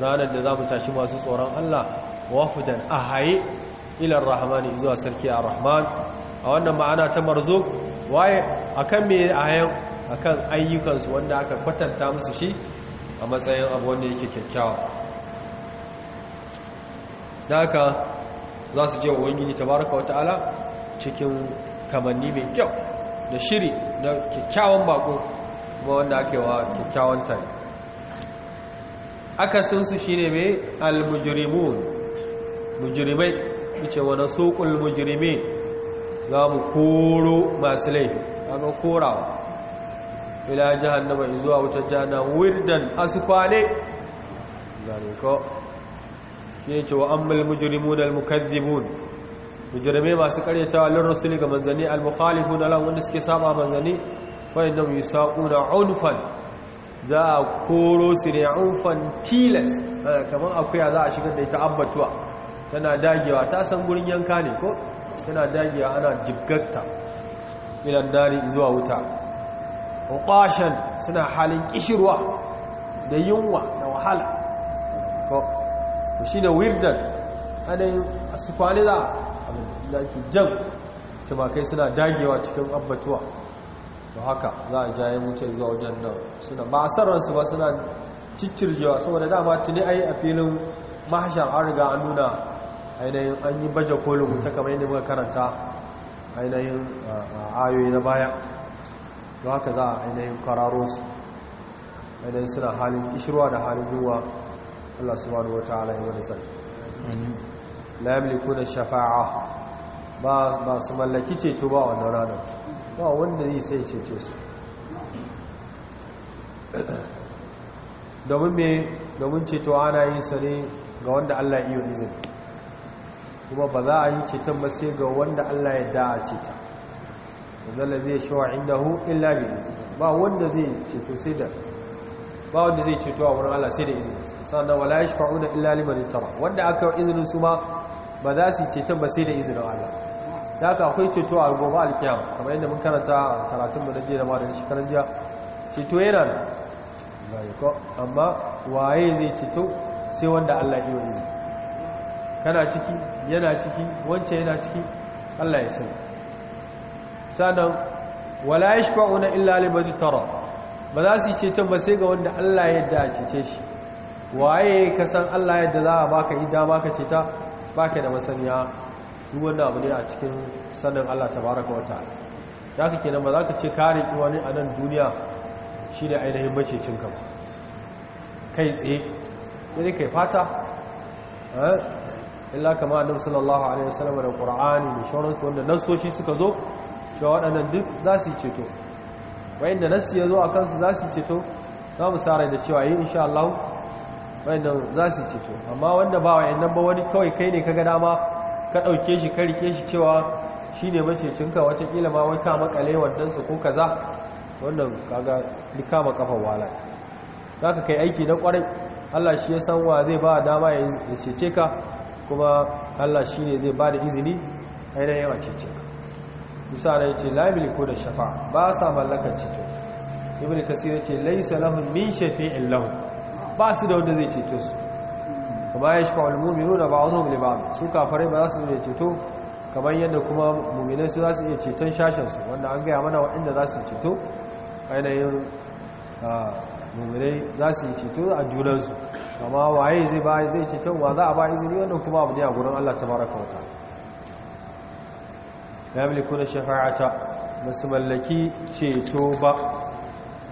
ranar da za mu tashi masu tsoron Allah wafdan a haye ilar rahmani zuwa sarki a rahman a wannan ma'ana ta marzo waye akan me a kan ayyukansu wanda aka kwatanta musu shi a matsayin abu wanda yake kyakkyawa da za su je wa ubangiji tabaraka wata'ala cikin kamanni mai kyau da shiri na kyakkyawan bako kuma wanda ake wa kyakkyawan tare akasinsu shi ne mai almujirimun mujirimai wuce wani sokul mujirimi za mu koro masu laifi aka korawa ila jihannama zuwa wutar jana wirdan Asukwane, kwane ko ne ce wa ammal mujrimun al mukazzibun mujrime masu karyatawa lin rasuli ga manzani al mukhalifun lahu wanda suke saba manzani fa innahum yusaquna unfan za a koro su ne unfan tilas eh, kamar akuya za a shigar da ita abbatuwa tana dagewa ta san gurin yanka ne ko tana dagewa ana jiggarta ilan dari zuwa wuta qashan suna halin kishirwa da yunwa da wahala ko da shi ne wirdan anayin za da ke jan tumakai suna dagewa cikin abbatuwa da haka za a jayen wuce zuwa wajen nan suna ba a sararsu ba suna ciccirjewa saboda dama tuni a yi a filin mahashar an riga an nuna ainihin an yi baje kolin wuta kamar yadda muka karanta ainihin ayoyi na baya da haka za a ainihin kwararo ainihin suna halin ishirwa da halin yunwa Allah subhanahu ala ya wani sani la yamliku da shafa'a ba ba su mallaki ceto ba wannan ranar ba wanda zai sai ceto su domin me domin ceto ana yin sa ne ga wanda Allah ya yi izini kuma ba za a yi ceton ba sai ga wanda Allah ya da a ceta wanda zai shawa indahu illa bi ba wanda zai ceto sai da ba wanda zai ceto a wurin Allah sai da izinin sannan wala yashfa'una illa liman tara. wanda aka yi izinin su ma ba za su ceton ba sai da izinin Allah da haka akwai ceto a gobe alkiyama kamar yadda mun karanta a karatun mu na jiya da ma da karanja jiya ceto yana da ko amma waye zai ceto sai wanda Allah ya yi kana ciki yana ciki wancan yana ciki Allah ya sani sannan wala yashfa'una illa liman tara. ba za su yi ceton ba sai ga wanda Allah yadda a cece shi waye ka san Allah yadda za a baka ida baka ceta baka da masaniya duk wanda abu ne a cikin sanin Allah ta baraka wata da ka kenan ba za ka ce kare ki wani a nan duniya shi da ainihin macecin ka ba kai tsaye sai kai fata eh? illa kama annabi sallallahu alaihi wasallam da qur'ani da shauransu wanda nan nasoshi suka zo cewa waɗannan duk za su yi ceto wayanda nassi ya zo a kansu za su ceto za mu sarai da cewa yi eh, insha Allah wayanda za su ceto amma wanda ba nan ba wani kawai kai ne kaga dama ka ɗauke shi ka rike shi cewa shine macecinka kila ma wai ka makale wannan su ko kaza wannan kaga ma kafan wala zaka kai aiki na kwarai Allah shi ya san wa zai ba dama ya cece ka kuma Allah shi ne zai ba da izini ainihin a cece ka isa ya ce la yamliku da shafa ba sa mallakar ceto ibnu kasir ce laysa lahum min shafi'in lahum ba su da wanda zai ceto su kuma ya shafa almuminu da ba'dhum li ba'd su kafare ba za su iya ceto kamar yadda kuma mu'minai su za su iya ceton shashin su wanda an gaya mana waɗanda za su ceto ainihin mu'minai za su yi ceto a junansu kama waye zai ba zai ceton wa za a ba izini wannan kuma abu ne a gurin Allah tabaraka wa ta'ala la yamliku na shafa'ata ba su mallaki ceto ba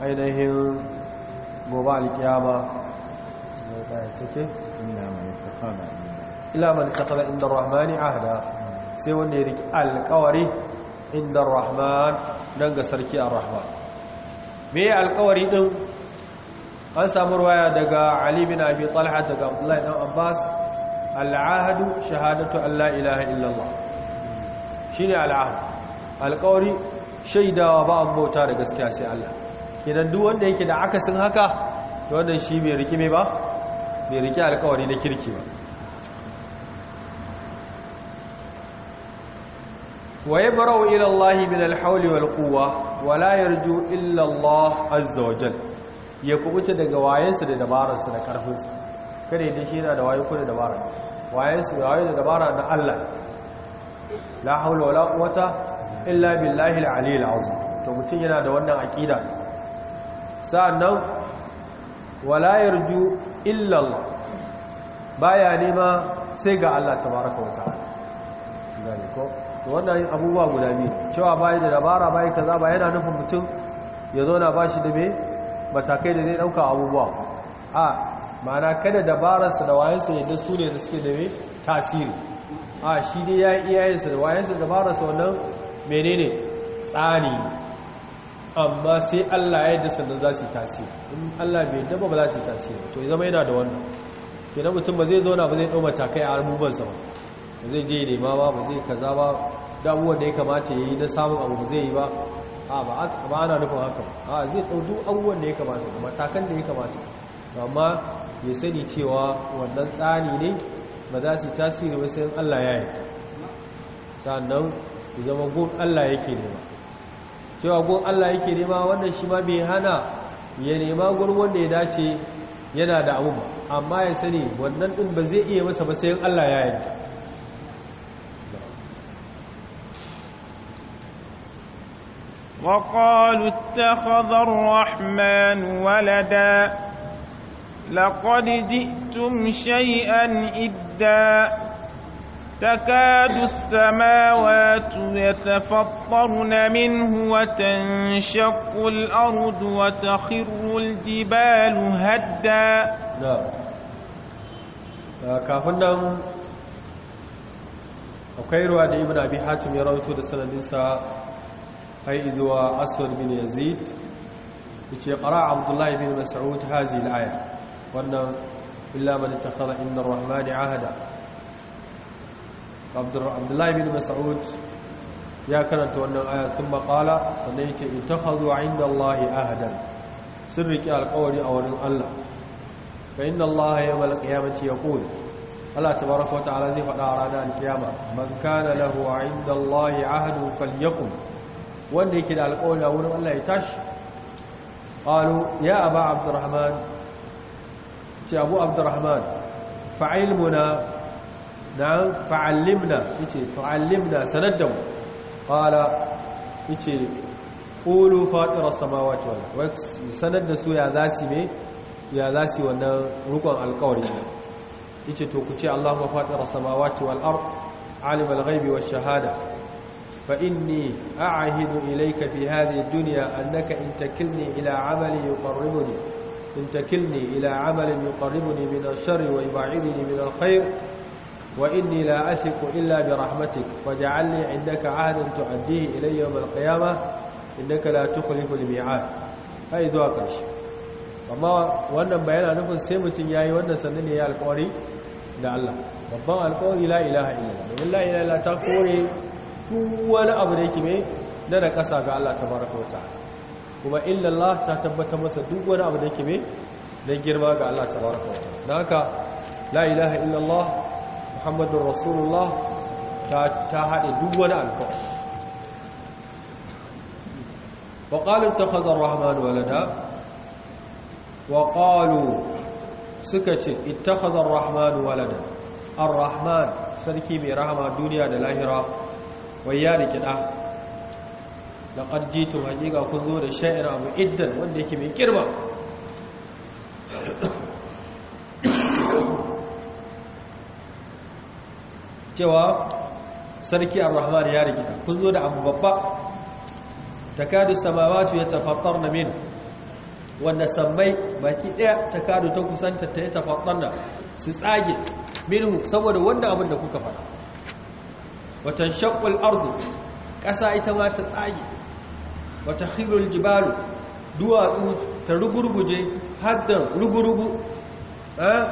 ainihin gobe alkiyama ila man takala inda rahmani ahda sai wanda ya riki alkawari inda rahman don ga sarki a rahman me alkawari din an samu ruwaya daga ali bin abi talha daga abdullahi dan abbas al'ahadu shahadatu an la ilaha illallah ne al'ahd alƙawari shaidawa ba a bauta da gaskiya sai Allah kenan duk wanda yake da akasin haka to wannan shi bai riki me ba bai riki alƙawari na kirki ba wa yabra'u ila Allah min al-hawli wal quwwa wa la yarju illa azza wa jalla ya kubuta daga wayensu da dabararsa da ƙarfinsu, kada idan shi yana da wayo ko da dabara da wayo da dabara na Allah la haula wala quwata illa billahi al-aliyyil azim to mutum yana da wannan aqida sa'annan wala yarju illa Allah baya nema sai ga Allah tabaaraka wa ta'ala gane ko to wannan abubuwa guda biyu cewa bai da dabara bai kaza ba yana nufin mutum ya zo na bashi da me matakai da zai dauka abubuwa a ma'ana kada dabararsa da wayansa yadda su ne da suke da me tasiri a shi dai ya iyayensa da wayansa da marasa wannan menene tsari amma sai Allah ya yi da za su yi tasiri in Allah bai daba ba za su yi tasiri to yi zama yana da wannan na mutum ba zai zauna ba zai ɗau matakai a albubansa ba ba zai je nema ba ba zai kaza ba damuwar da ya kamata ya yi na samun abu ba zai yi ba a ba ana nufin haka a zai ɗau duk abubuwan da ya kamata matakan da ya kamata amma ya sani cewa wannan tsari ne ba za su tasiri ba sai Allah ya yi sannan ku zama gun Allah yake nema cewa gun Allah yake nema wannan shi ma bai hana ya nema gurin wanda ya dace yana da abu amma ya sani wannan ɗin ba zai iya masa ba sai Allah ya yi وقالوا اتخذ الرحمن ولداً لقد جئتم شيئا إدا تكاد السماوات يتفطرن منه وتنشق الأرض وتخر الجبال هدا نعم آه، كافنا نعم. أكير وعد ابن أبي حاتم يروت رسالة نساء أي إذوى أسود بن يزيد يقرأ عبد الله بن مسعود هذه الآية wannan illa man ittakhadha inda rahmani ahada abdullahi bin mas'ud ya karanta wannan aya sun maƙala sannan ya ce ittakhadhu inda ya ahadan sun riƙe alƙawari a wurin allah Ka Allah ya allaha yawmal ya yaqul Allah tabaraka wa ala zai faɗa a ranar alkiyama man kana lahu inda allahi ahadun falyaqul wanda yake da alƙawari a wurin allah ya tashi qalu ya aba abdurrahman ce abu abdurrahman fa'ilmuna na fa'allimna yace fa'allimna sanar da mu qala yace qulu fatira samawati wal ardi sanar da su ya zasi me ya zasi wannan rukun alƙawari yace to ku ce allahumma fatira samawati wal ardi alimul ghaibi wash shahada فإني أعهد إليك في هذه الدنيا أنك إن تكلني إلى عمل يقربني إن تكلني إلى عمل يقربني من الشر ويبعدني من الخير وإني لا أثق إلا برحمتك فاجعلني عندك عهدا تؤديه إلي يوم القيامة إنك لا تخلف الميعاد هاي دعا كرش amma wannan bayana nufin sai mutum ya yi wannan sannan ya alkawari da Allah babban alkawari la ilaha illallah domin la ilaha ta kore wani abu da yake mai da na ga Allah ta baraka wa ta'ala kuma illallah ta tabbata masa duk wani abu da yake me na girma ga Allah Ta wa ta'ala dan haka la illallah muhammadun rasulullah ta haɗe duk wani alƙawari wa qalu ittakhadha rahman walada wa suka ce ita ar-rahman walada ar-rahman sarki mai rahama duniya da lahira wai ya riki da ƙarji to haƙiƙa kun zo da sha'ir abu iddan wanda yake mai kirba cewa sarki ar-rahman ya rigita kun zo da abu babba ya samawati na min wanda sammai baki ta takadu ta kusanta ta ya na su tsage minu saboda wanda abin da kuka faɗa watan shaqqul ardu ƙasa ita ma ta tsage wa takhirul jibalu duwatsu ta rugurguje haddan rugurugu eh,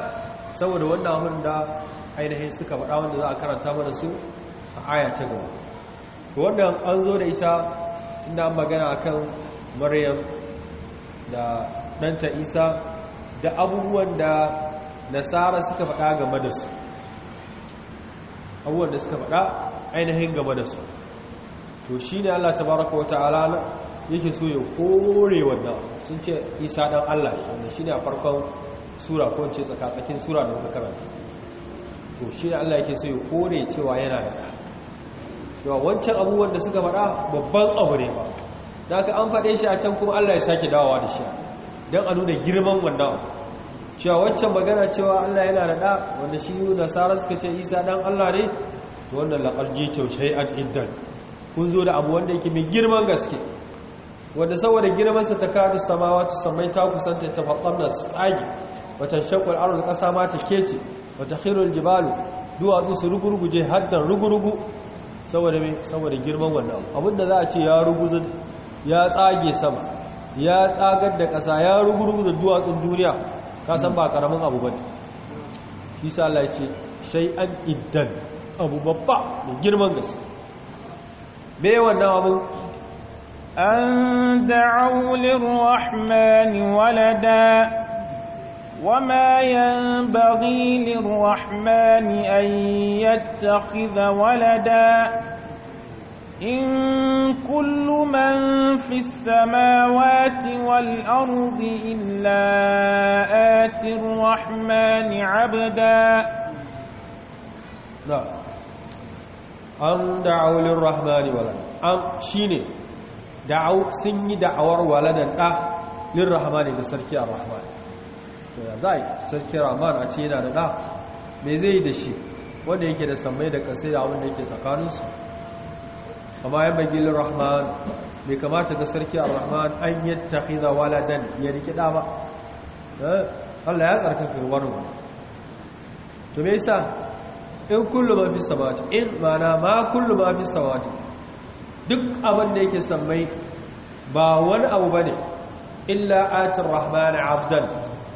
saboda wannan abin da ainihin suka faɗa wanda za a karanta mana su a aya ta gaba wannan an zo da ita tunda an magana akan maryam da danta isa da abubuwan da nasara suka faɗa game da su abubuwan da suka faɗa ainihin game da su to shi ne allah ta baraka wa ta'ala yake so ya kore wannan sun ce isa ɗan allah wanda shi ne a farkon sura ko ce tsakatsakin sura da muka to shi ne allah yake so ya kore cewa yana da ɗa yawa wancan abubuwan da suka faɗa babban abu ne ba da aka an faɗe shi a can kuma allah ya sake dawowa da shi don a nuna girman wannan cewa waccan magana cewa allah yana da ɗa wanda shi nasara suka ce isa ɗan allah ne to wannan laƙar jito shai'ad iddan kun zo da abu wanda yake mai girman gaske wanda saboda girmansa ta kadu samawa ta samai ta kusanta ta faɗanna su tsage wata shakwar aron ƙasa ma ta kece wata khirul jibalu duwatsu su rugurguje da rugurugu saboda me saboda girman wannan abu. abinda za a ce ya ruguzu ya tsage sama ya tsagar da ƙasa ya rugurugu da duwatsun duniya ka san ba karamin abu bane shi sa Allah ya ce shay'an iddan abu babba da girman gaske me wannan abu an da'u lirrahmani walada وما ينبغي للرحمن أن يتخذ ولدا إن كل من في السماوات والأرض إلا آتي الرحمن عبدا نعم. an da'au rahmani walada an shine da'au sun yi da'awar waladan da rahmani da sarki ar-rahman to ya zai sarki rahman a ce yana da da me zai da shi wanda yake da sammai da kasai da wanda da yake su amma ya bagi rahman bai kamata da sarki Rahman an yattakhidha waladan ya rike da ba eh? Allah ya tsarkake wani to me yasa in kullum ma fi samawati in mana ma kullum ma fi samawati duk abin da yake sammai ba wani abu ba ne. illa atir rahman abdan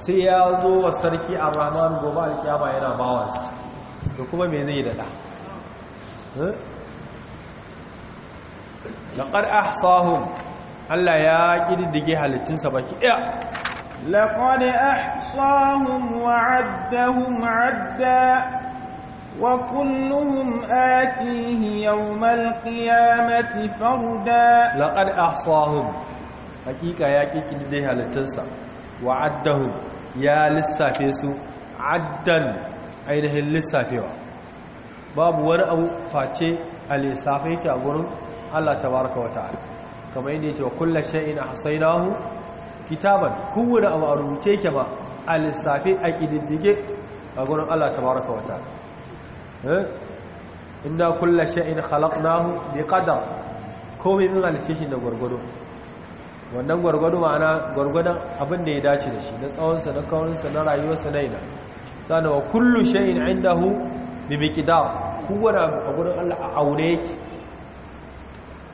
sai ya zo wa sarki ar-rahman gobe alkiyama yana bawansa da kuma me zai dada laqad sahun Allah ya kididdige halittunsa baki daya laqad ahsahum wa addahum adda وكلهم آتيه يوم القيامة فردا لقد أحصاهم حقيقة يا كيكي لديها لتنسى وعدهم يا لسا فيسو عدا أينه لسا فيها باب ورأو فاتي الإسافي أقول الله تبارك وتعالى كما إني وكل شيء أحصيناه كتابا كون أو أرمتيك ما الإسافي أكيد الدقيق أقول الله تبارك وتعالى Eh? inna kulla sha'in khalaqnahu bi qadar komai min halice shi da gwargwado wannan gwargwado ma'ana gwargwadon abin da ya dace da shi na tsawonsa na kaurinsa na rayuwarsa na ina sannan wa kullu shay'in indahu bi miqdar kowane abu a gurin Allah a aune yake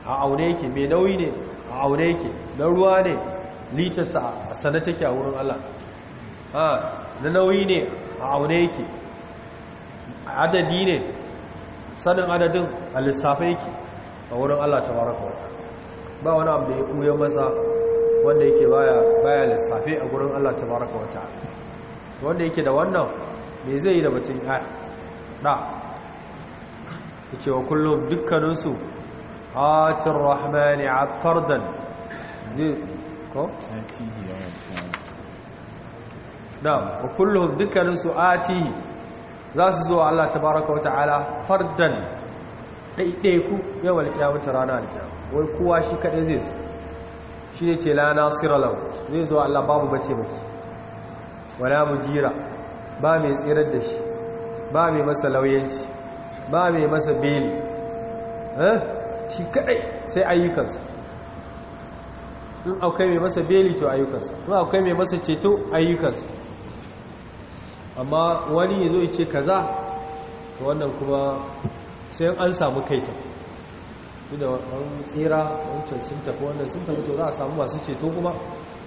a aune yake mai nauyi ne a aune yake na ruwa ne litarsa a sanata ke a wurin Allah ah, na nauyi ne a aune yake adadi ne sanin adadin a lissafai a wurin Allah ta baraka wata ba wani abu da ya ɓuya masa wanda yake baya lissafe a wurin Allah ta baraka wata wanda yake da wannan me zai yi da batun ya da ya ce wa kullum dukkaninsu atin rahmani a fardan ko? da wa kullum dukkaninsu tihi za su zuwa Allah wata ala fardan ɗaiɗaiku yawan wata rana ta wai kowa shi kaɗai zai su shi ne ce lana siralau zai zuwa Allah babu bace mai. wala mu jira ba mai tsirar da shi ba mai masa lauyanci ba mai masa beli eh? shi kaɗai sai ayyukansa in aukai mai masa beli to ayyukansa in aukai mai masa ceto ayyukansa amma wani ya zo ya ce kaza to wannan kuma sai an samu kaita tunda wani tsira wancan sun tafi wannan sun tafi to za a samu masu ceto kuma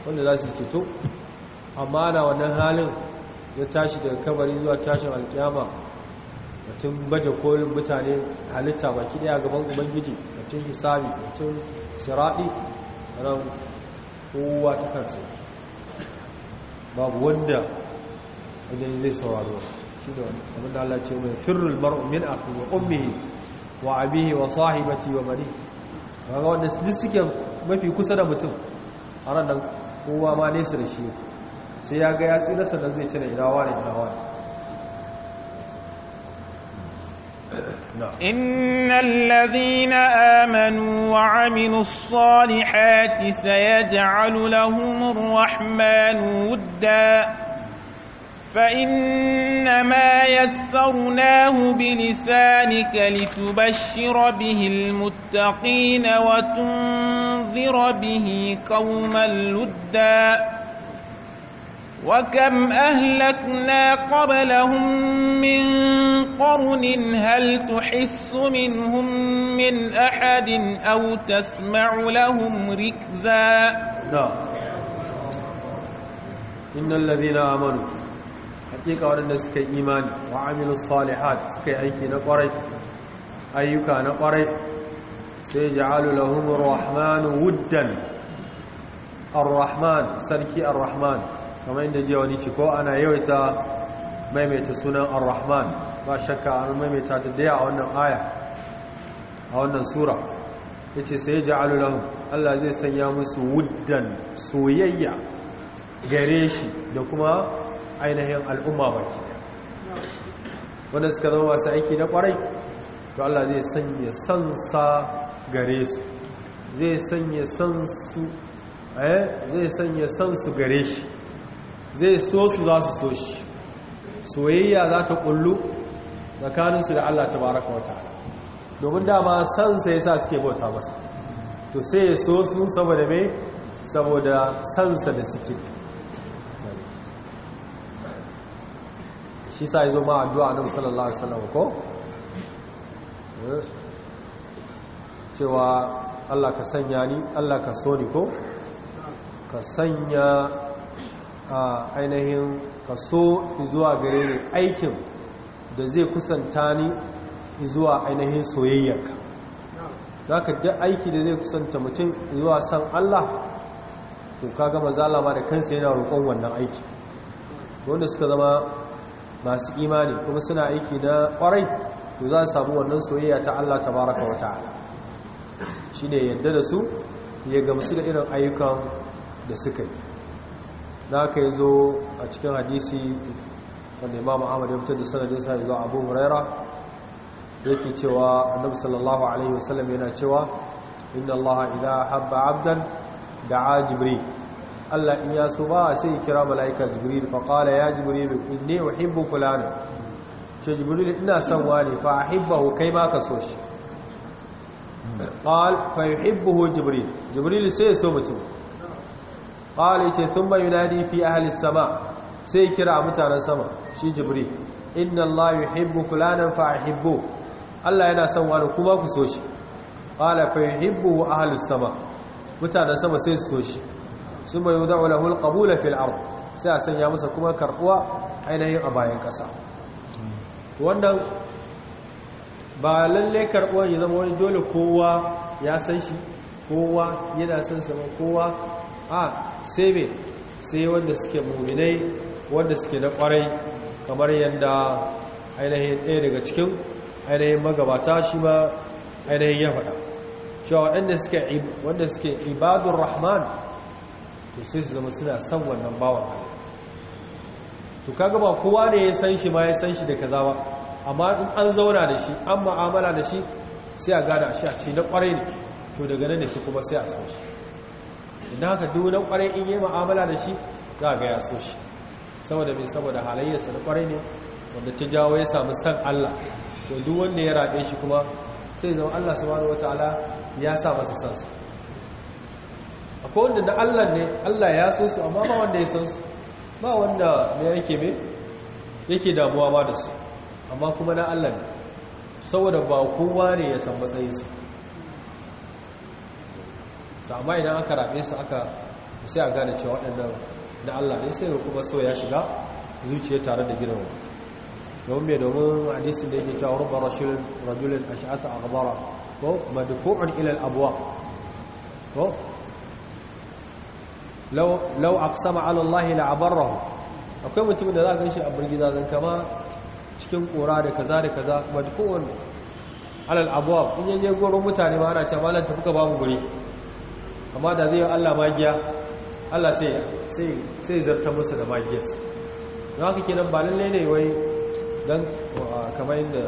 wanda za su ceto amma na wannan halin ya tashi daga kabari zuwa tashin alkiyama batun baje kolin mutane halitta baki daya gaban ubangiji batun hisabi batun siraɗi ran kowa ta kansa babu wanda idan zai sauraro shi da wani abin da Allah ce mai firrul bar min akhi wa ummihi wa abihi wa sahibati wa bari kaga wanda duk suke mafi kusa da mutum a ran nan kowa ma nesa da shi sai ya ga ya tsira sannan zai cire irawa da irawa إن الذين آمنوا وعملوا الصالحات سيجعل لهم الرحمن وداً فإنما يسرناه بلسانك لتبشر به المتقين وتنذر به قوما لدا وكم أهلكنا قبلهم من قرن هل تحس منهم من أحد أو تسمع لهم ركزا نعم إن الذين آمنوا hakika waɗanda suka yi imani wa amilu salihat suka yi aiki na ƙwarai ayyuka na ƙwarai sai ja'alu lahum rahmanu wuddan ar-rahman sarki ar-rahman kamar inda jiya wani ciko ana yawaita maimaita sunan ar-rahman ba shakka an maimaita ta daya a wannan aya a wannan sura yace sai ja'alu lahum Allah zai sanya musu wuddan soyayya gare shi da kuma ainihin al'umma baki wanda suka zama masu aiki na kwarai to Allah zai sanya sansa gare su zai sanya sansu eh zai sanya sansu gare shi zai so su za su so shi soyayya za ta kullu tsakaninsu da Allah ta baraka wata domin dama sansa ya sa suke bauta masa to sai ya so su saboda mai saboda sansa da suke shi sa zo ma addu'a na musallallahu alaihi wasallam ko eh? cewa Allah ka sanya ni Allah ka so ni ko ka sanya a ainihin ka so zuwa gare ni aikin da zai kusanta ni zuwa ainihin soyayyarka za ka da aiki da zai kusanta mutum zuwa san Allah to ka gama zalama da kansa yana roƙon wannan aiki wanda suka zama masu imani kuma suna aiki na kwarai to za su samu wannan soyayya ta Allah ta baraka wa ta'ala ne yadda da su ya gamsu da irin ayyukan da suka yi da ka yi zo a cikin hadisi wanda imam ahmad ya fitar da sanadin sa zuwa abu huraira yake cewa annabi sallallahu alaihi wasallam yana cewa inna allaha idha habba abdan da'a jibril Allah in ya so ba sai ya kira mala'ika jibril fa qala ya jibril inni uhibbu fulana ce jibril ina son wani fa uhibbu kai ma ka so shi qal fa yuhibbuhu jibril jibril sai ya so mutum qal yace thumma yunadi fi ahli sama sai kira mutanen sama shi jibril inna Allah yuhibbu fulanan fa uhibbu Allah yana son wani kuma ku so shi qala fa yuhibbu ahli sama mutanen sama sai su so shi yi yud'u wula al-qabul fil ardu sai a sanya musa kuma karɓuwa ainihin a bayan ƙasa wannan ba lalle karɓuwa ya zama wani dole kowa ya san shi kowa yana san sama kowa a sai mai sai wanda suke mu'minai wanda suke na kwarai kamar yadda ainihin ɗaya daga cikin ainihin magabata shi ma ainihin ya faɗa cewa waɗanda suke ibadun rahman to sai su zama suna san wannan bawan to kaga ba kowa ne ya san shi ma ya san shi da kaza ba amma in an zauna da shi an ma'amala da shi sai a gada shi a ce na kwarai ne to daga nan da shi kuma sai a so shi idan haka duk na kwarai in yi ma'amala da shi za a ga ya so shi saboda mai saboda halayyarsa na kwarai ne wanda ta jawo ya sami san Allah to duk wanda ya rabe shi kuma sai zama Allah subhanahu wataala ya sa masa sansa Ko wanda na Allah ne Allah ya so su amma ba wanda ya san su ba wanda ne yake me yake damuwa ba da su amma kuma na Allah ne saboda ba kowa ne ya san su ta amma idan aka rabe su aka sai a gane cewa waɗannan da Allah ne sai kuma so ya shiga zuciya tare da wata, domin mai domin hadisin da yake cewa rubar rashirin rajulin ash'asa a gabara ko madfu'un ilal abuwa ko lau aqsama sama allahi la abarrahu akwai mutumin da za a shi a burgiza zan kama cikin kora da kaza da kaza da kowane alal abuwa in yaje goron mutane ma ana ce malan tafi babu guri amma da zai yi allah magiya allah sai zarta musu da magiyarsa na haka kenan ba lallai ne wai don kamar yadda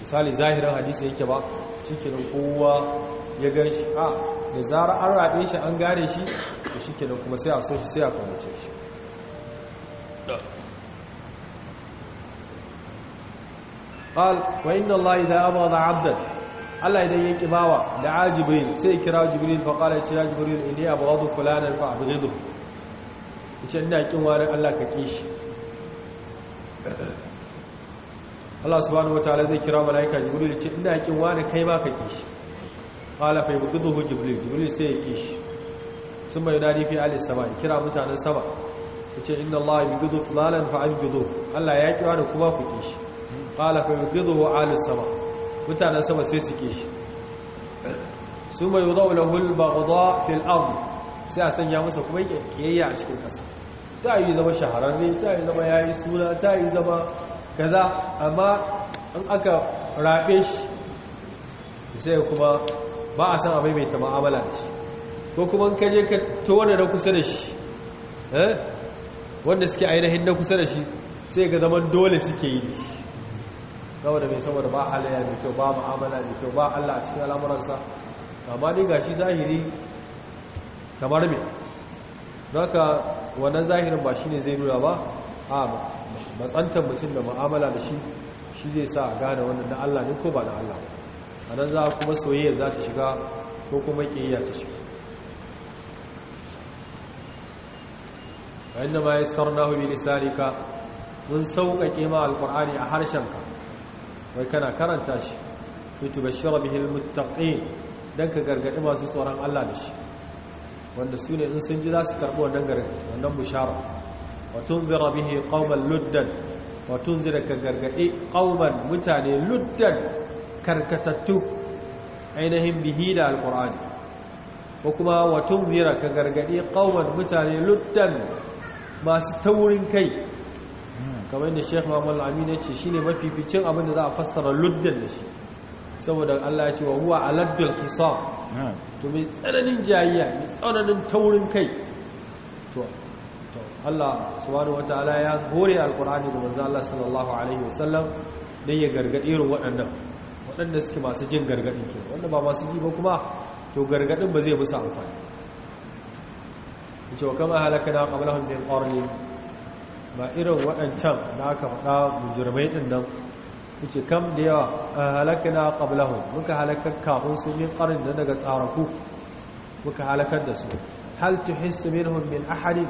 misali zahirin hadisi yake ba cikin kowa ya gan shi a ah, da zara an raɓe shi an gane shi da shi kenan kuma sai a so shi sai a kwamace shi قال وإن الله إذا أبغض عبدا Allah idan yake bawa da ajibil sai kira jibril fa qala ya jibril inni abghadu fulanan fa abghidu yace ina kin warin Allah ka kishi Allah subhanahu wataala zai kira malaika jibril yace ina kin wani kai ma ka kishi qala fa yubghiduhu jibril jibril sai ya kishi sun bai nadi fi ahli sama kira mutanen sama yace inna allaha yubghidu fulanan fa allah ya kuma ku kishi qala fa yubghiduhu ahli sama mutanen sama sai su kishi sun bai yudau lahu al-baghda sai a sanya masa kuma kiyayya a cikin kasa ta yi zama shahararre ta yi zama yayi suna ta yi zama kaza amma in aka rabe shi sai kuma ba a san abai mai ta ma'amala da shi ko kuma ka je ka wanda na kusa da shi eh, wanda suke ainihin na kusa da shi sai ga zaman dole suke yi da shi saboda mai saboda ba halayya mai kyau ba ma'amala mai kyau ba Allah a cikin al'amuransa amma ni ga shi zahiri kamar mai don ka wannan zahirin ba shi ne zai nuna ba a matsantar mutum da ma'amala da shi shi zai sa a gane wannan na Allah ne ko ba na Allah ba a nan za kuma soyayya za ta shiga ko kuma ƙiyayya ta shiga wanda ma ya sarna hu bilisanika mun sauƙaƙe ma alƙur'ani a harshenka wai kana karanta shi fitu rabi bihil muttaqin dan ka gargaɗi masu tsoron Allah da shi wanda su ne in sun ji za su karɓi wannan mu wannan bushara wa tunzira bihi qauman luddan wa tunzira ka gargaɗi qauman mutane luddan karkatattu ainihin bihi da alkur'ani ko kuma watun zira ka gargadi kauman mutane luddan masu taurin kai kamar yadda sheikh Muhammadu amin ya ce shi shine mafificin abin da za a fassara luddan da shi saboda allah ya ce wa huwa aladdul to mai tsananin jayayya mai tsananin taurin kai to Allah subhanahu wataala ya hore alkur'ani da manzo Allah sallallahu alaihi wasallam don ya gargaɗe irin waɗannan waɗanda suke masu jin gargaɗin ke wanda ba masu ji ba kuma to gargaɗin ba zai musu amfani ce wa kama halaka na ƙabalahun ɗin ƙorni ba irin waɗancan da aka faɗa mujirmai ɗin nan ce kam da yawa halaka na ƙabalahun muka halakar kafin su min ƙarin da daga tsaraku muka halakar da su hal tuhissu minhum min ahadin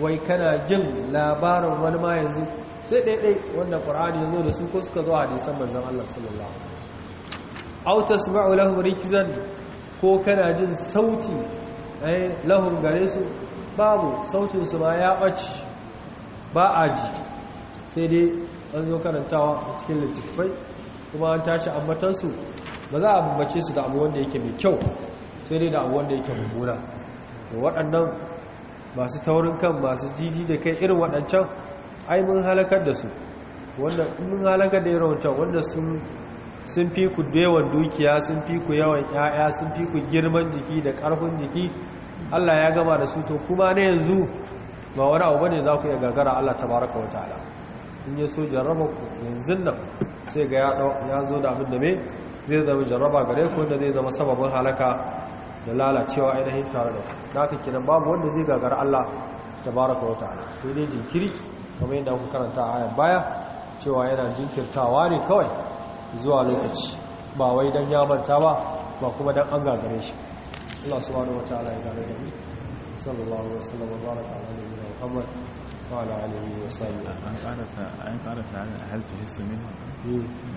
wai kana jin labarin wani ma yanzu sai ɗaiɗai wanda ƙurani ya zo da su ko suka zo a hadisan manzan Allah sallallahu aw tasma'u lahum rikzan ko kana jin sauti eh lahum gare su babu sautin su ma ya bace ba a ji sai dai an zo karantawa a cikin littattafai kuma an tashi ambatan su ba za a bambace su da abu wanda yake mai kyau sai dai da abu wanda yake mummuna to waɗannan masu taurin kan masu jiji da kai irin waɗancan ai mun halakar da su wanda mun halakar da irin wancan wanda sun sun fi ku dewan dukiya sun fi ku yawan ya'ya sun fi ku girman jiki da karfin jiki Allah ya gama da su to kuma na yanzu ba wani abu bane za ku iya gagara Allah tabaraka wataala in ya so jarraba ku yanzu nan sai ga ya zo da abin da me zai zama jarraba gare ku wanda zai zama sababin halaka da lalacewa ainihin tare da ku da haka kenan babu wanda zai gagara Allah tabaraka wataala sai dai jinkiri kamar yadda muka karanta a ayan baya cewa yana jinkirtawa ne kawai zuwa lokaci ba wai don ya manta ba ba kuma don an gagare shi Allah wata ala ya da mu sallallahu alaihi wasallam ala nabiyyina Muhammad wa ala alihi wa sahbihi an an